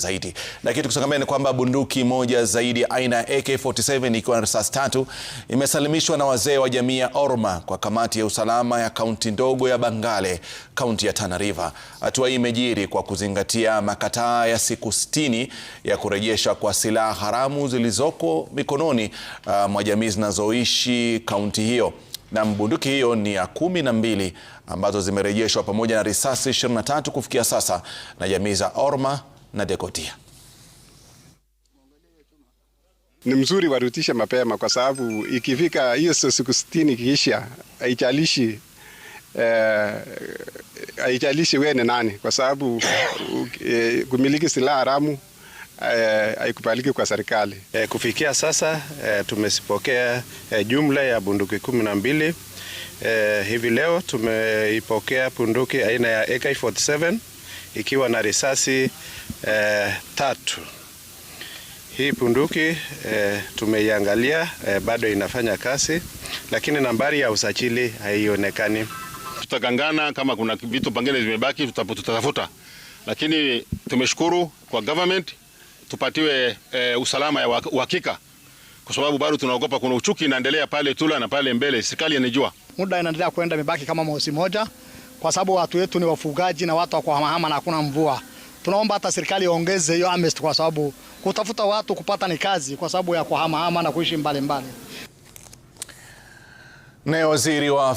zaidi. Na kitu kusongamana ni kwamba bunduki moja zaidi aina ya AK47 ikiwa na risasi tatu imesalimishwa na wazee wa jamii ya Orma kwa kamati ya usalama ya kaunti ndogo ya Bangale, kaunti ya Tana River. Hatua hii imejiri kwa kuzingatia makataa ya siku 60 ya kurejesha kwa silaha haramu zilizoko mikononi uh, mwa jamii zinazoishi kaunti hiyo na bunduki hiyo ni ya kumi na mbili ambazo zimerejeshwa pamoja na risasi 23 kufikia sasa na jamii za Orma na Dekotia. Ni mzuri warutishe mapema, kwa sababu ikifika hiyo siku sitini ikiisha, haijalishi eh, haijalishi wewe ni nani, kwa sababu eh, kumiliki silaha haramu eh, haikubaliki eh, kwa serikali eh. Kufikia sasa eh, tumesipokea eh, jumla ya bunduki kumi na mbili eh, hivi leo tumeipokea bunduki aina ya AK47 ikiwa na risasi eh, tatu. Hii punduki eh, tumeiangalia eh, bado inafanya kazi, lakini nambari ya usajili haionekani. Tutagangana kama kuna vitu pengine zimebaki, tutatafuta, lakini tumeshukuru kwa government tupatiwe eh, usalama ya uhakika kwa sababu bado tunaogopa, kuna uchuki inaendelea pale Tula na pale mbele, serikali inajua muda inaendelea kwenda, imebaki kama mwezi moja kwa sababu watu wetu ni wafugaji na watu wa kuhamahama na hakuna mvua. Tunaomba hata serikali iongeze hiyo amest kwa sababu kutafuta watu kupata ni kazi, kwa sababu ya kuhamahama na kuishi mbalimbali. Naye waziri wa